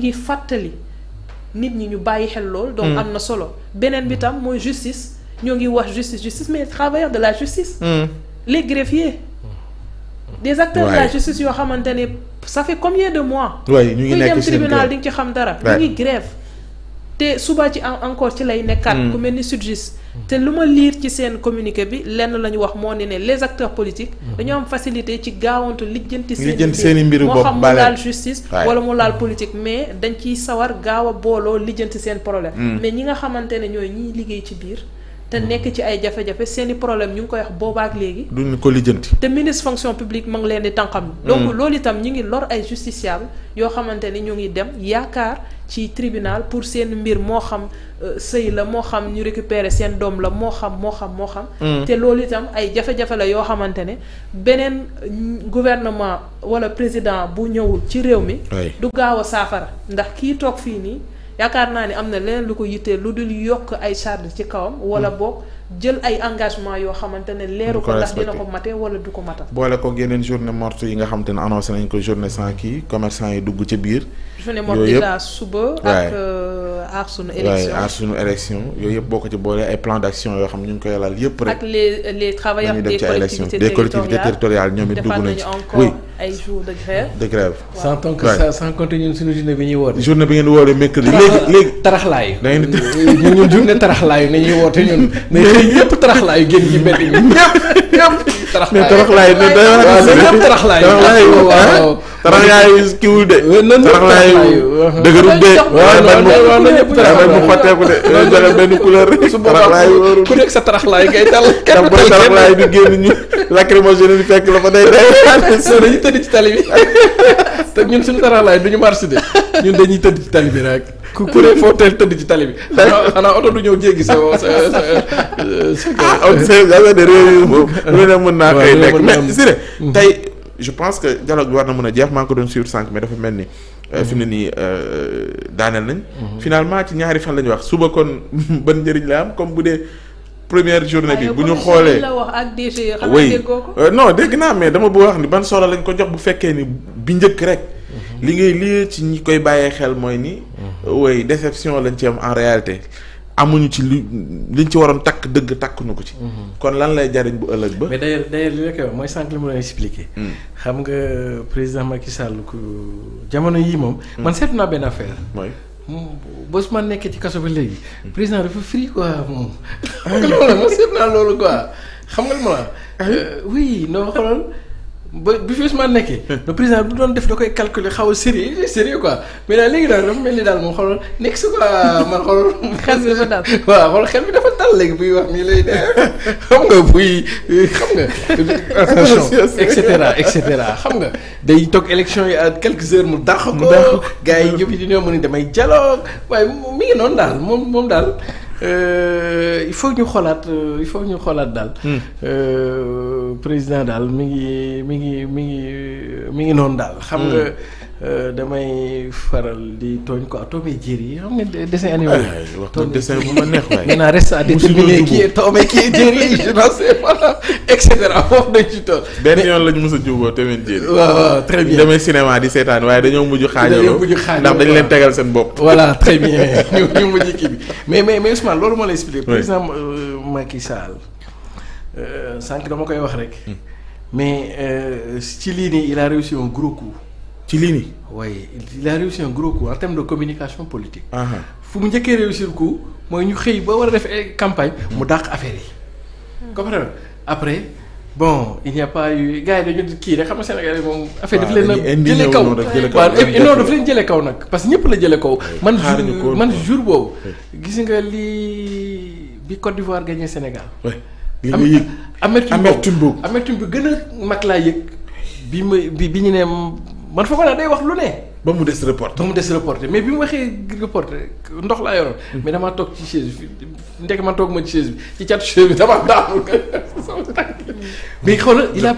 ngi fàttali nit ñi ñu bàyyi xel lool. donc hmm. am na solo beneen bi tam mooy justice ñoo ngi wax justice justice mais travailleurs de la justice. Mm. les greffiers. des acteurs ouais. de la justice yoo xamante ne ça fait combien de mois. waay ñu ngi nekk dem tribunal di nga ci xam dara. ñu ngi grève te suba ci encore ci lay nekkaat. Hmm. ku mel ni sudjust te lu ma liir ci seen communiqué bi lenn la ñu wax moo ne ne les acteurs politiques. Mhm. dañoo am facilité ci gaawantu lijjanti. lijjanti seen mbiru bopp moo xam mu laal justice. wala mu laal politique mais dañ ciy sawar gaaw a booloo lijjanti seen problème. Mm. mais ñi nga xamante ne ñooy ñiy liggéey ci biir. te nekk ci ay jafe-jafe seen problème ñu ngi koy wax boobaak léegi. duñ ko lijjanti. te ministre fonction publique ma ngi leen di tànqam. donc mm. loolu itam ñu ngi lor ay justiciable yoo xamante ni ñu ngi dem yaakaar ci tribunal pour seen mbir moo xam euh, sëy la moo xam ñu récupérer seen doom la moo xam moo xam moo xam. Mm. te loolu itam ay jafe-jafe la yoo xamante ne beneen gouvernement wala président bu ñëwul ci réew mi. du gaaw saafara ndax kii toog fii nii. yaakaar naa ni am na leneen lu ko yittee lu dul yokk ay charge ci kawam wala hmm. book jël ay engagement yoo xamante ne leeru ko ndax dina ko mate wala du ko matal boole ko yeneen journée morte yi nga xamante ne annoncé nañ ko journée sans kii commerçant yi dugg ci biir journée morte yi la suba ak euh, aar sunu élection yooyu yëpp boo ko ci boole ay plan d' action yoo xam ñu ngi koy laal yëpp rek ak les les travailleurs des collectivités ñoom it dugg nañ ci ay jours de grève. de grève. waaw sans tant que ça sans compter ñun suñu journée bi ñuy woote. journée bi ngeen di woote mercredi léegi léegi. taraxlaayu da ngeen di ñun ñun journée taraxlaayu nañuy woote ñun. mais xëy ñëpp taraxlaayu génn ci mbedd yi ñëpp ñëpp. taraxlaayu mais taraxlaayu. waaw waaw ah? waaw taraxlaayu kiwul de. taraxlaayu dëgërul de. waaw na ñëpp taraxlaay mu xotteeku de. loolu dara benn couleur sa taraxlaay ngay dal. kenn bu taraxlaay bi génn ñu lacrymogène di fekk la fa day day. soo dañuy tëdd ci tali bi te ñun suñu taraxlaay du ñu marché de ñun dañuy tëdd ci tali bi nag ku ku ne foo tëdd ci tali bi. xanaa oto du ñëw jéggi sa sa sa. ah on sait réew yi moom lu ne mën naa koy nekk mais si ne tey je pense que dialogue bi war na mën a jeex maa ko doon suivre sànq mais dafa mel ni. Euh, fi ne nii euh, daaneel nañ. Mhm. finalement ci ñaari fan la ñuy wax suba kon ban njëriñ la am comme bu dee. première journée bi bu ñu xoolee oui euh, non dégg naa mais dama bëgg wax ni ban solo lañ ko jox bu fekkee ni bi njëkk rek. Mhm. li ngay lii ci ñi koy bàyyee xel mooy nii mhm. oui déception lañ ci am en réalité. amuñu ci li liñ ci waroon takk dëgg takkuñu ko ci. Mhm. kon lan lay jariñ bu ëllëg ba. mais d'ailleurs d'ailleurs li la koy wax mooy sànq li ma leen expliqué. Hmm. xam nga président Macky Sall ku jamono yii moom. Hmm. man seetlu naa benn affaire. mooy bés ma nekkee ci kaso ba léegi. Hmm. président dafa free quoi moom. loolu ma naa loolu quoi xam nga lu ma la. Ah oui euh, noo xoolal. ba bi fi Ousmane nekkee. le président bu doon def da koy calculer xaw a sérieux sérieux quoi mais daal léegi daal dama mel ni daal moom xool nekk si quoi man xool. xel bi dafa bi dafa dal léegi buy wax nii lay def xam nga buy xam nga. attention et cetera et cetera xam nga day toog élection yi à quelques heures mu dàq ko. mu dàq ko yi yëpp yi ñoo mën a damay dialogue waaye mi ngi noonu daal moom moom daal. Euh, il faut ñu xolaat euh, il faut ñu xolaat daal. Hmm. Euh, président daal mi ngi mi ngi mi ngi mi ngi noonu daal. xam nga. Hmm. Euh, damay faral di tooñ ko Tomé Jerry xam nga dessin animé. Eh, eh, wax nga dessin bu ma neex waaye. maintenant reste à déterminer qui est benn yoon lañ mës a juboo Tomé Jerry. waaw waaw di seetaan waaye dañoo mujj xaajaloo ndax dañ leen tegal seen bopp. voilà très bien ñu ñu mujj kii bi mais mais mais Ousmane loolu moo lay expliqué. par exemple euh, Macky Sall euh, sànq dama koy wax rek. Hmm. mais ci lii nii il a réussi un gros ci lii nii. waaye il a réussi un gros coup en termes de communication politique. Ah, ah. fu mu njëkkee réussir coup mooy ñu xëy ba war a def campagne. mu dàq affaire yi. comprendre après bon il n'y a kii rek xam nga Sénégal yi moom. affaire daf leen a ah, jëlee kaw waaw non daf leen jëlee kaw nag parce que ñëpp la jëlee kaw. man jour boobu. gis nga lii bi Côte d'Ivoire gagné Sénégal. li nga yëg bi gën a mag laa yëg bi ma bi bi ñu ne. man foog naa day wax lu ne. ba mu des reporté ba mu des reporté mais bi mu waxee reporté ndox laa yoroon. Hmm. mais damaa toog ci chaise bi ndek man toog ma ci chaise bi ci bi damaa la sama tànk mais xoolal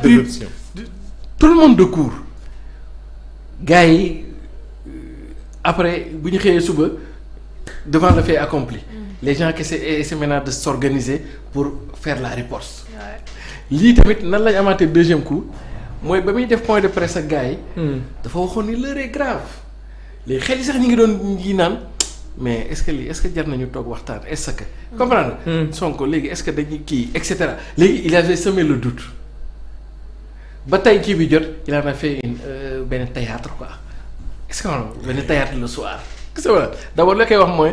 tout le monde de court gars yi euh, après bu ñu xëyee suba devant le fait accompli. Hmm. les gens qui essaient de s'organiser pour faire la riposte. lii tamit nan lañu amaatee deuxième coup. mooy ba muy def point de presse ak gars yi. Hmm. dafa waxoon ni l'heure est grave. léegi xel yi sax ñu ngi doon ji naan mais est-ce que lii est-ce que jar nañu toog waxtaan est-ce que. comprendre hmm. Sonko léegi est-ce que dañuy kii et cetera léegi il avait semé le doute ba tey kii bi jot il en a fait une euh, benn théâtre quoi est-ce que benn théâtre le soir. est-ce que la koy wax mooy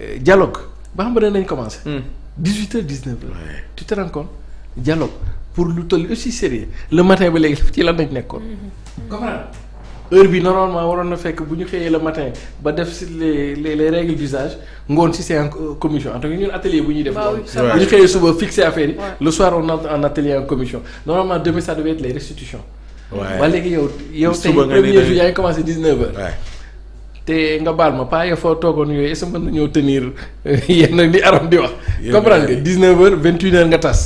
euh, dialogue ba xam ba nañ commencé. 18 dis 19h. tu te rends compte dialogue. pour lu toll aussi sérieux le matin ba léegi ci lan lañ nekkoon. comprendre heure bi normalement waroon na fekk bu ñu xëyee la matin ba def si les les les règles ngoon si c'est en commission en tout cas ñun atelier bu ñuy def. waaw bu ñu xëyee suba fixé affaire yi. le soir on entre en atelier en commission normalement demain ça devait être les restitutions. waaw ba léegi yow. yow tey nga baal ma pas foo toogoon yooyu est-ce que mën nañoo tenir yenn ni aram di wax. comprendre nga 19h 21 nga tas.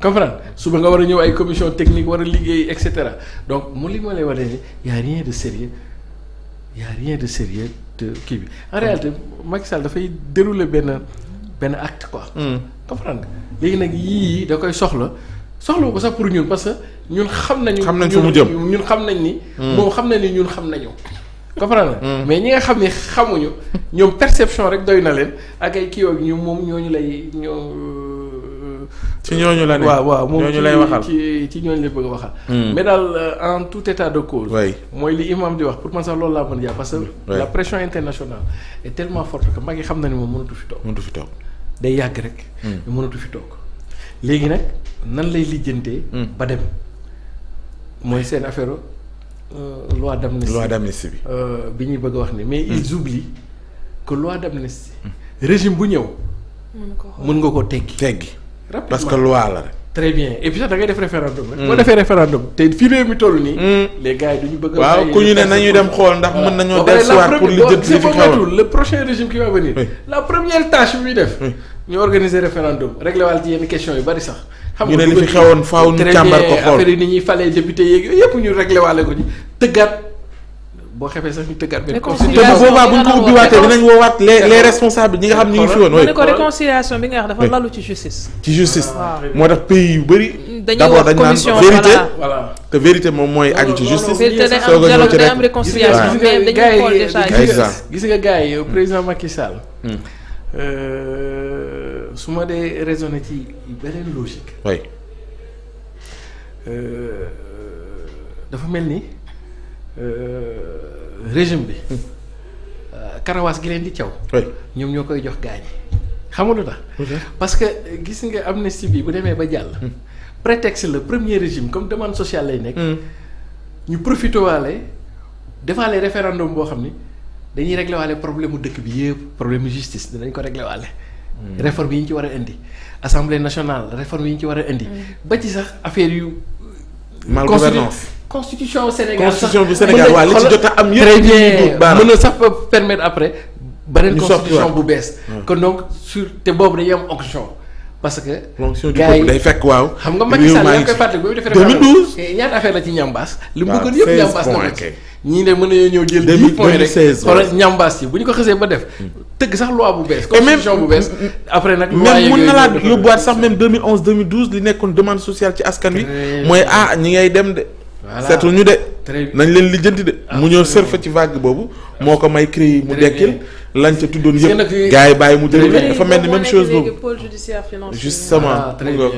comprendre suba nga war a ñëw ay commission technique war a liggéey et cetera donc mu li ma lay wax ne rien de sérieux y' a rien de sérieux de kii bi en réalité Macky dafay dérouler benn benn acte quoi. Hmm. comprendre léegi nag yii da koy soxla soxla ko sax pour ñun parce que ñun xam nañu. xam nañ fu mu jëm ñun xam nañ ni. Hmm. moom xam na ni ñun xam nañu. comprendre hmm. mais ñi nga xam ni xamuñu ñoom perception rek doy na leen ak ay kii ak moom ñooñu lay ñoo. ci ñooñu la ne waaw waaw moom ñooñu lay waxal ci ci ñooñu lay bëgg a waxal. Hmm. mais euh, en tout état de cause. mooy li imam di wax pour man sax loolu laa mën jàpp la pression internationale est tellement forte que mag yi xam na ni moom mënatu fi toog. mënatu fi toog day yàgg rek. Hmm. mënatu fi toog léegi nag nan lay lijjantee. Hmm. ba dem mooy seen affaire euh, loi d'amnistie. loi d'amnistie bi. Euh, bi ñuy bëgg a wax ni mais ils oublient que loi d'amnistie. régime bu ñëw. mën nga koo teggi teggi. parce que loi très bien et sax da def référendum mm. boo defee référendum te fii mi toll nii. Mm. les gars yi duñu bëgg a. waaw ku ñu ne nañu dem xool ndax mën nañoo. dellusiwaat pour li jot ñu organiser référendum réglé ci yenn question yu bari sax. xam nga li fi xewoon faaw ñu càmbar ko xool affaire yi ni falee député yeeg yooyu yëpp ñu réglé ko ci tëggaat boo xefee sax ñu tëggaat benn constitution te bu boobaa bu ñu ko ubbiwaatee dinañ woowaat les les responsables ñi nga xam ni ñu fi woon. mooy dafa lalu ci justice. ci justice ah, moo tax pays yu bëri. d'abord dañ vérité te vérité moom mooy aju ci justice. a ñëw ci rek réconciliation mais dañuy gis nga gars yi hmm. président Macky Sall. Hmm. Euh, su ma dee raisonné ci beneen logique. oui euh, dafa mel ni. Euh, régime bi hmm. euh, karawaas gi leen di caw ñoom ñoo koy jox gaañi xam nga lu tax parce que gis nga amnistie bi bu demee ba jàll hmm. prétexte le premier régime comme demande social lay nekk hmm. ñu profité waale defaale référendum boo xam ne dañuy reglewaale problème mu dëkk bi yëpp problème mu justice dinañ ko réglé waale réforme yi ñu ci war a indi assemblée nationale réforme yi ñu ci war a indi ba ci sax affaire yu mal gouvernance constitution Sénégal constitution bu Sénégal waaw li ci jot a am yëpp. mën na sax permettre après. beneen constitution bu bees. kon donc sur te boobu dañuy am onction. parce que. onction du peuple day fekk waaw. xam nga Macky Sall yaa ngi koy fàttali ba mu def référendum eh, ñaata affaire la ci ñambaas. li mu bëggoon yëpp ñambaas na ko ñii ne mën nañoo ñëw jël. 10 points rek wala ñambaas yi bu ñu ko xasee ba def. tëgg sax loi bu bees. constitution bu bees après nag. loi yeeg mën na laa yóbbuwaat sax même 2011 2012 li nekkoon demande sociale ci askan wi. mooy ah ñi ngay dem de. voilà ñu de. nañ leen lijjanti de. mu ñëw surfe ci vague boobu. Ah. moo ko may créé mu dekkil. lañ ca tuddoon yëpp gars yi bàyyi mu jël dafa mel ni même chose boobu. pôle judiciaire financier. justement très bien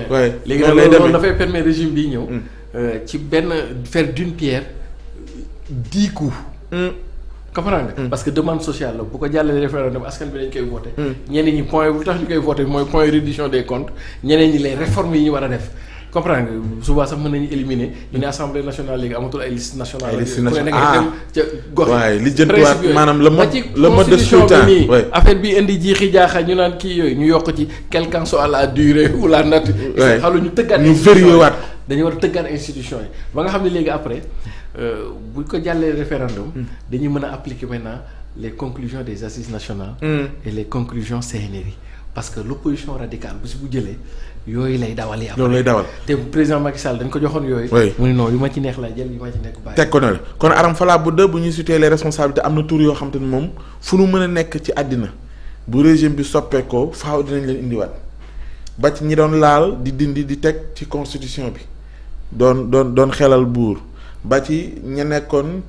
léegi nag loolu dafay permettre régime bi ñëw. Hmm. Euh, ci benn faire d'une pierre. dix coups. Hmm. comprendre nga. Hmm. parce que demande sociale la bu ko jàllalee référendum askan bi dañ koy voté. Hmm. ñeneen ñi point bu tax ñu koy voté mooy point reddition des comptes ñeneen ñi les réformes yi ñu war a def. comprendre nga souvent sax mën nañu éliminer ñu ne assemblée nationale léegi amatul ay liste nationale. ay liste nationale ah ca gox yi. li jëntuwaat maanaam la mode le mode de scrutin bi affaire bi indi jiixi jaaxa ñu naan kii yooyu ñu yokk ci quel qu'en soit la durée ou la nature. waay ñu tëggaat institution ñu vérifié waat dañu war a yi ba xam ne léegi après. Euh, bu ñu ko jàllee référendum. dañuy mën a appliquer maintenant les conclusions des assises nationales. Mm. et les conclusions CNRI parce que l' opposition radicale bu si bu jëlee yooyu lay dawal yi. loolu lay dawal te président Macky Sall dañ ko joxoon yooyu. mu ma ci neex laa jël yu ma ci nekk bàyyi. teg ko na la kon aram falaa bu bu ñuy situé les am na tur yoo xam te ne moom fu nu mën a nekk ci àddina bu régime bi soppeekoo faaw dinañ leen indiwaat ba ñi doon laal di dindi di teg ci constitution bi doon doon doon xelal buur. ba ci ña nekkoon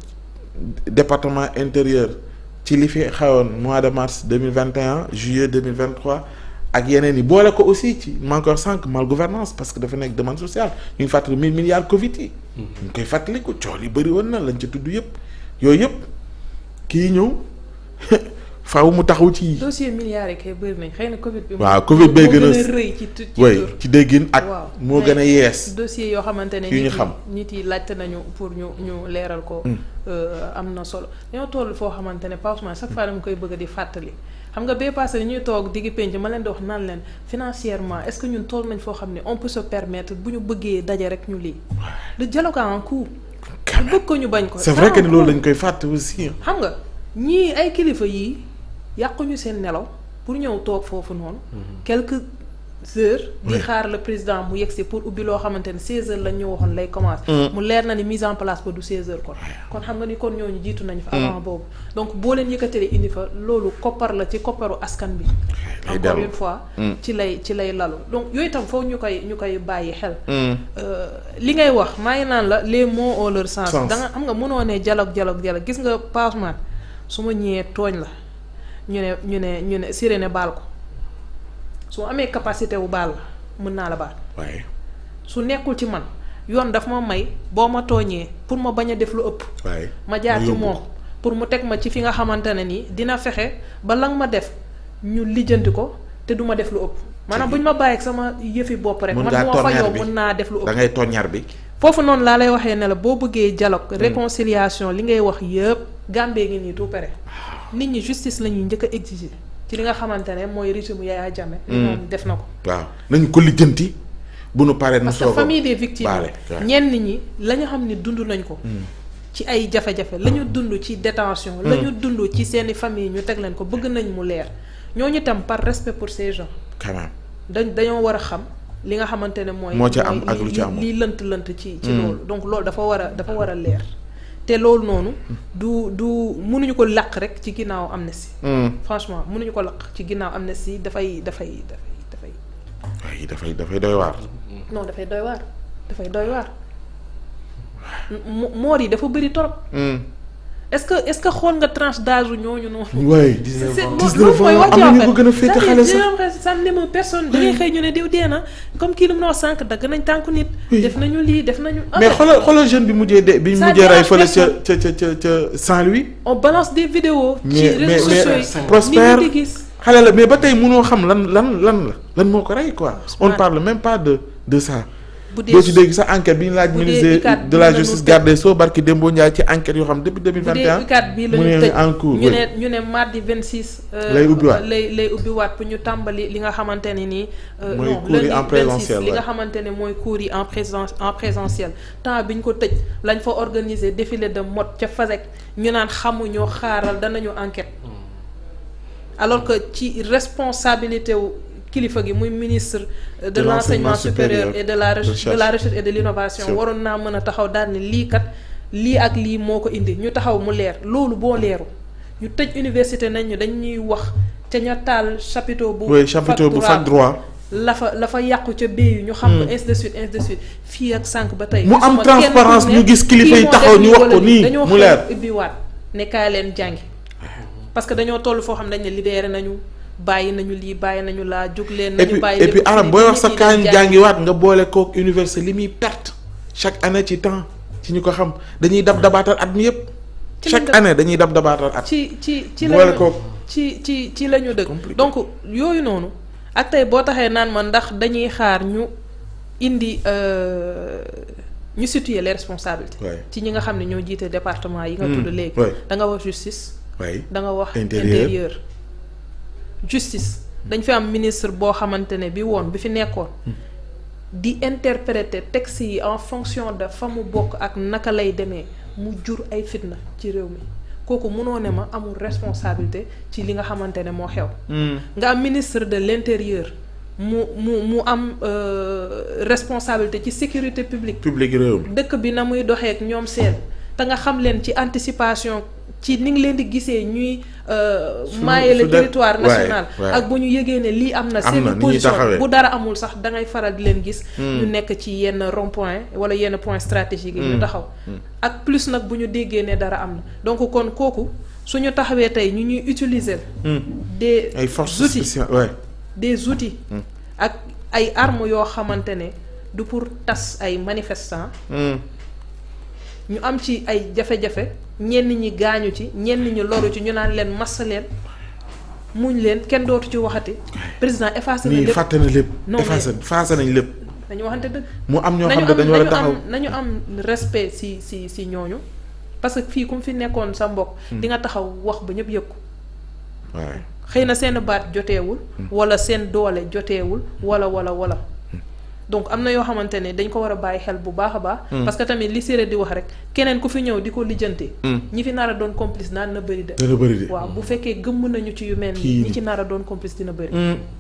département intérieur ci li fi xewoon mois de mars deux mille vingt et un juillet deux mille vingt trois ak yeneen yi boole ko aussi ci encore sànq mal gouvernance parce que dafa nekk demande sociale ñu ngi fàttali mille milliards Covid yi. Mm-hmm. ñu koy fàttaliku coow yi bëri woon na lañ ca tudd yëpp yooyu yëpp kii ñëw faaw mu taxaw ci. dossier milliards yi kay bëri nañ xëy na Covid bi. waaw Covid bee gën a rëy ci ci déggin ak. moo gën a yees. dossier yoo xamante ne nit yi nit yi laajte nañu pour ñu ñu leeral ko. Mm. Euh, am na solo dañoo toll foo xamante ne Pape sax chaque fois dama koy bëgg di fàttali. xam nga bee passé ñuy toog digg penc ma leen di wax naan leen financièrement est-ce que ñun toll nañ foo xam ne on peut se permettre bu ñu bëggee daje rek ñu lii. le dialogue a un coût. bëgg ko ñu bañ ko. c'est vrai que lañ koy fàtte aussi. xam nga ñii ay kilifa yii yàquñu seen nelaw pour ñëw toog foofu noonu. Mhm. quelques heures. di xaar le président mu yegg yegsi pour ubbi loo xamante ne 16h lañ ñu waxoon lay commencé. Mm. mu leer na ni mise en place ba du 16h ah, kon. xam nga ni kon ñooñu jiitu nañ fa. Mm. boobu donc boo leen yëkkatee indi fa loolu koppar la ci kopparu askan bi. encore une fois. Mm. ci lay ci lay lalu donc yooyu tam foofu ñu koy ñu koy bàyyi xel. Euh, li ngay wax maa ngi naan la les mots ont leur sens. da nga xam nga mënoo ne jaloog jaloog dialogue gis nga Pape Ousmane su ma ñëwee tooñ la. ñu ne ñu ne ñu ne Siré ne baal ko su amee capacité wu baal la mën naa la baal. waaye su nekkul ci man yoon dafa ma may boo ma tooñee pour ma bañ a def lu ëpp. waaye ma jaar pour mu teg ma ci fi nga xamante ne nii dina fexe ba lan ma def ñu lijjanti ko te du def lu ëpp. maanaam bu ñu ma bàyyeeg sama yëfi bopp rek. man mu fa yow mën naa def lu ëpp da tooñar bi. foofu noonu laa lay waxee ne la boo bëggee dialogue mm. réconciliation li ngay wax yëpp Gambie ngi nii tout pare. nit ñi justice la njëkk a ci li nga xamante ne mooy régime Yaya Jammeh. Mm. moom def na ko. waaw nañu ko lijjanti bu nu paree nu soog a parce que famille des victimes ñenn ñi lañu xam ne dund nañ ko. Mm. ci ay jafe-jafe la ñu dund ci détention la mm. ñu dund ci seeni famille ñu teg leen ko bëgg nañ mu leer ñoo ñu tam par respect pour ces gens. dañ dañoo war a xam li nga xamante ne mooy. moo ca am ak lu ca am lënt lënt ci. donc loolu dafa war a dafa war a leer. te loolu noonu. du du mënuñu ko laq rek ci ginnaaw amnistie. Hmm. franchement mënuñu ko laq ci ginnaaw amnistie dafay dafay dafay dafay. dafay dafay doy waar. non dafay doy dafay doy moor yi dafa bëri torop hmm. est-ce que est-ce que xool nga tranche d'âge ñooñu noonu. waay 19 ans am na ñu ko gën a féete xale sax ça personne da xëy ñu ne diw dee na comme kii lu mu noo sànq dagg nañ tànku nit. def nañu lii def nañu. mais xoolal xoolal jeune bi mujjee de bi mujjee rey fële ca ca ca ca Saint-Louis. on balance des vidéos. ci réseaux sociaux prospère xale la mais ba tey mu noo xam lan lan lan la lan moo ko rey quoi. on parle même pas de de ça. doo ci dégg sax enquête bi ñu laaj ministre de la justice garde des sceaux barki Dembo Ndiaye ci enquête yoo xam depuis 2021 mu ne en cours ñu ne ñu ne mardi 26 euh, lay lay lay ubbiwaat pour ñu tàmbali li nga xamante ne nii euh, mooy cours yi en présentiel li nga xamante ne mooy cours yi en présent en présentiel temps bi ñu ko tëj lañ fa organiser défilé de mode ca Fasek ñu naan xamuñoo xaaral danañu enquête hmm. alors que ci responsabilité kilifa gi muy ministre de l'enseignement supérieur et de la de la recherche et de l'innovation waroon naa mën a taxaw daal ne lii kat lii ak lii moo ko indi ñu taxaw mu leer loolu boo leeru ñu tëj université nañ ñu dañ ñuy wax ca ña taal chapiteau bu oui bu fac droit la fa la yàqu ca béyu ñu xam hmm. ainsi de suite ainsi de suite fii ak sànq ba tey mu am transparence ñu gis kilifa yi taxaw ñu wax ko nii dañoo xëy ubbiwaat ne kaay leen jàngi parce que dañoo toll foo xam dañ ne libéré nañu bàyyi nañu lii bàyyi nañu laa jóg leen. nañu bàyyi et puis arab booy wax jàngiwaat nga boole kook université li muy perte chaque année ci temps ci ñu ko xam dañuy dab dabaatal at mi yëpp. chaque année dañuy dab dabaatal at. ci ci ci boole kook ci ci ci la ñu dëkk donc yooyu noonu. ak tey boo taxee naan ma ndax dañuy xaar ñu indi euh, ñu situer les responsabilités. ci ñi nga xam ne ñoo jiite département yi nga hmm. tudd léegi. da nga wax justice. da wax intérieur justice dañ fi am ministre boo xamante ne bi woon bi fi nekkoon di interpréter texte yi en fonction de fa mu bokk ak naka lay demee mu jur ay fitna ci réew mi kooku mënoo ne ma amul responsabilité ci li nga xamante ne moo xew hmm. nga am ministre de l'intérieur mu mu mu am euh, responsabilité ci sécurité publique publique réew mi dëkk bi na muy doxeek ñoom seen te nga xam leen ci anticipation ci ni ngi leen di gisee ñuy. Euh, maaye le territoire national ak bu ñu yëgee ne lii am na seen position bu dara amul sax dangay faral di leen gis hmm. ñu nekk ci yenn rond wala yenn point stratégique yi ñu hmm. taxaw hmm. ak plus nag bu ñu déggee ne dara am na donc kon kooku suñu taxawee tey ñu ñuy utiliser des ay forces des outils ak ay armes yoo xamante ne du pour tas ay manifestant ñu am ci ay jafe-jafe ñenn ñi gaañu ci ñenn ñi loru ci ñu naan leen massa leen muñ leen kenn dootu ci waxati. président effacé na lépp nii fàtte na lépp. nañ lépp. dañu waxante dëkk mu am ñoo xam ne dañu war a nañu am respect si si si ñooñu parce que fii ku mu fi nekkoon sa mbokk. Hmm. di nga taxaw wax ba ñëpp yëg ko. waaw xëy na seen baat joteewul. Hmm. wala seen doole joteewul wala wala wala. donc am na yoo xamante ne dañ ko war a bàyyi xel bu baax baax. Hmm. parce que tamit li Siré di wax rek keneen ku fi ñëw di ko lijjanti. Hmm. ñi fi nar a doon complice naan na bëri de. waaw bu fekkee gëmm nañu ci yu mel nii ñi ci nar a doon complice dina bëri. Hmm.